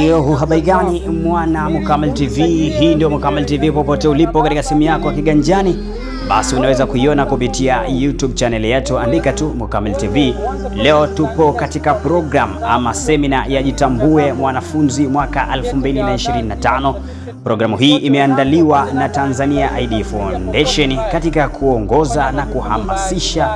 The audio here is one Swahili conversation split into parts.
Hiyo huhabari gani, mwana Mukammel TV? Hii ndio Mukammel TV, popote ulipo katika simu yako ya kiganjani, basi unaweza kuiona kupitia YouTube channel yetu, andika tu Mukammel TV. Leo tupo katika program ama semina ya Jitambue Mwanafunzi mwaka 2025. Programu hii imeandaliwa na Tanzania ID Foundation katika kuongoza na kuhamasisha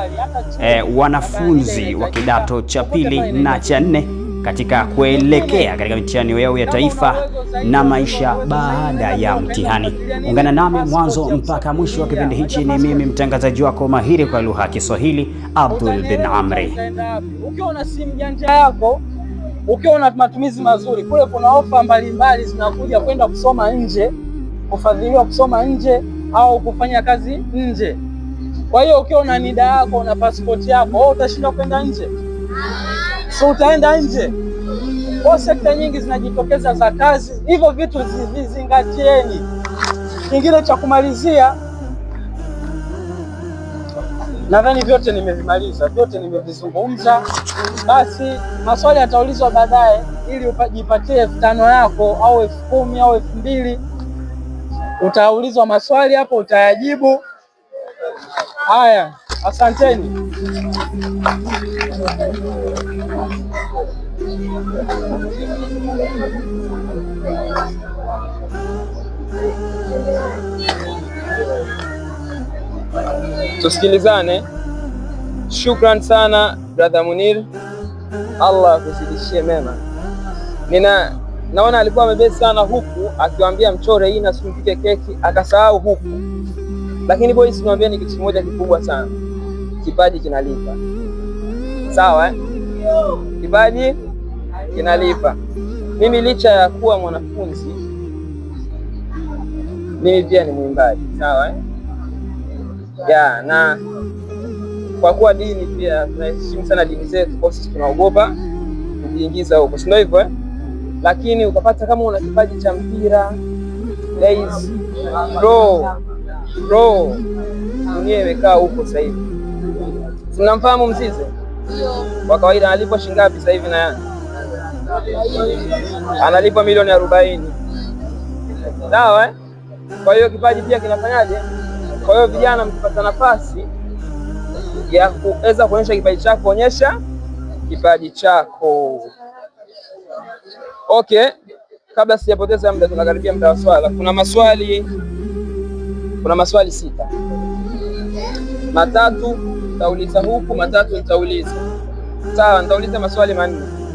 eh, wanafunzi wa kidato cha pili na cha nne katika kuelekea katika mitihani yao ya taifa na maisha baada ya mtihani. Ungana nami mwanzo mpaka mwisho wa kipindi hichi. Ni mimi mtangazaji wako mahiri kwa lugha ya Kiswahili, Abdul bin Amri. Ukiwa na simu janja yako, ukiwa na matumizi mazuri, kule kuna ofa mbalimbali zinakuja kwenda kusoma nje, kufadhiliwa kusoma nje au kufanya kazi nje. Kwa hiyo ukiwa na NIDA yako na pasipoti yako, wewe utashinda kwenda nje? so utaenda nje. Kwa sekta nyingi zinajitokeza za kazi, hivyo vitu vizingatieni. Kingine cha kumalizia, nadhani vyote nimevimaliza, vyote nimevizungumza. Basi maswali yataulizwa baadaye, ili ujipatie elfu tano yako au elfu kumi au elfu mbili Utaulizwa maswali hapo, utayajibu. Haya, asanteni. Tusikilizane. Shukran sana brother Munir, Allah akuzidishie mema. Nina naona alikuwa amebesi sana huku akiwaambia mchore hii na simpike keki akasahau huku, lakini boys, niwaambia ni kitu kimoja kikubwa sana, kipaji kinalipa. Sawa eh? kipaji kinalipa. Mimi licha ya kuwa mwanafunzi, mimi pia ni mwimbaji sawa, eh? ya na kwa kuwa dini pia tunaheshimu sana dini zetu, kwa sisi tunaogopa kujiingiza huko, si ndio hivyo eh? Lakini ukapata kama una kipaji cha mpira pro dunia imekaa huko sasa hivi. Tunamfahamu Mzize kwa kawaida, alipo shilingi ngapi sasa hivi na Yanga? analipwa milioni arobaini. Sawa eh? Kwa hiyo kipaji pia kinafanyaje? Kwa hiyo vijana, mkipata nafasi ya kuweza kuonyesha kipaji chako, onyesha kipaji chako. Okay, kabla sijapoteza muda, tunakaribia muda wa swala. Kuna maswali, kuna maswali sita, matatu nitauliza huku, matatu nitauliza. Sawa, nitauliza maswali manne.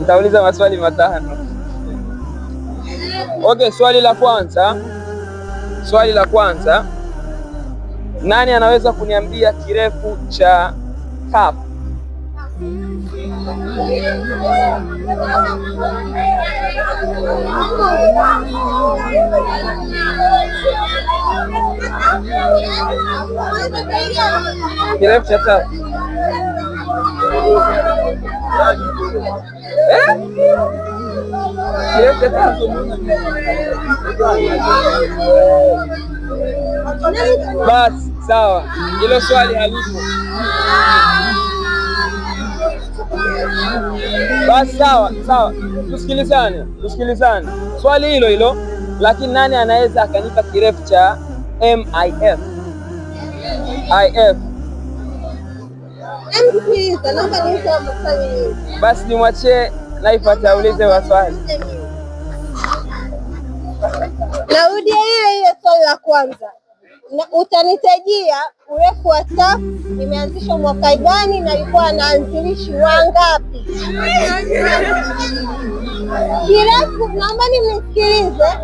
Nitauliza maswali matano. Okay, swali la kwanza. Swali la kwanza. Nani anaweza kuniambia kirefu cha kaf? Kirefu cha kaf. Basi sawa, hilo swali halipo. Basi sawa sawa, tusikilizane, tusikilizane swali hilo hilo, lakini nani anaweza akanipa kirefu cha MIF? IF basi nimwachie Laifa ataulize maswali. Narudia hiyo hiyo swali la kwanza, utanitajia urefu wa staff imeanzishwa mwaka gani na ilikuwa na anzilishi wangapi? Kirefu, naomba nimsikilize.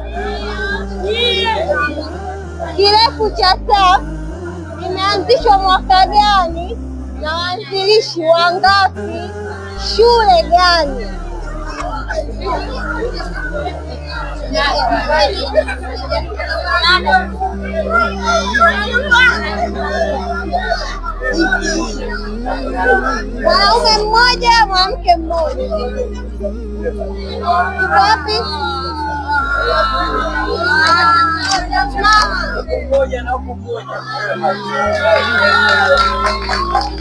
Kirefu cha staff imeanzishwa mwaka gani? na waanzilishi wangapi? Shule gani? Mwanaume mmoja, mwanamke mmoja.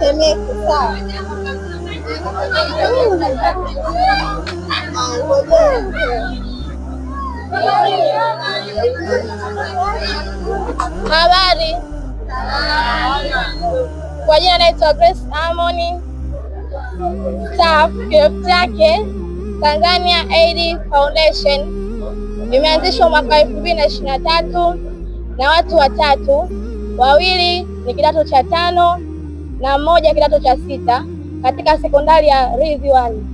Você tem Habari. Kwa jina naitwa Grace Amoni Staff, Kirefu chake Tanzania Aid Foundation, imeanzishwa mwaka elfu mbili na ishirini na tatu na watu watatu, wawili ni kidato cha tano na mmoja kidato cha sita katika sekondari ya Ridhiwani.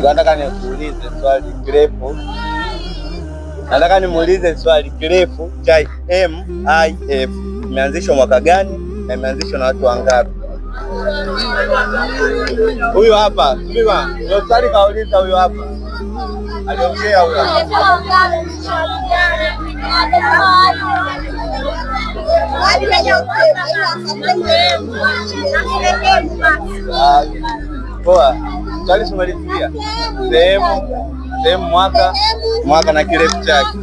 Nataka nikuulize swali kirefu, nataka nimuulize swali kirefu cha MIF imeanzishwa mwaka gani na imeanzishwa na watu wangapi? Huyu hapa ndio swali kauliza. Huyu hapa aliongea huyo. Ah, poa. Charles walipia sehemu sehemu mwaka mwaka na kirefu chake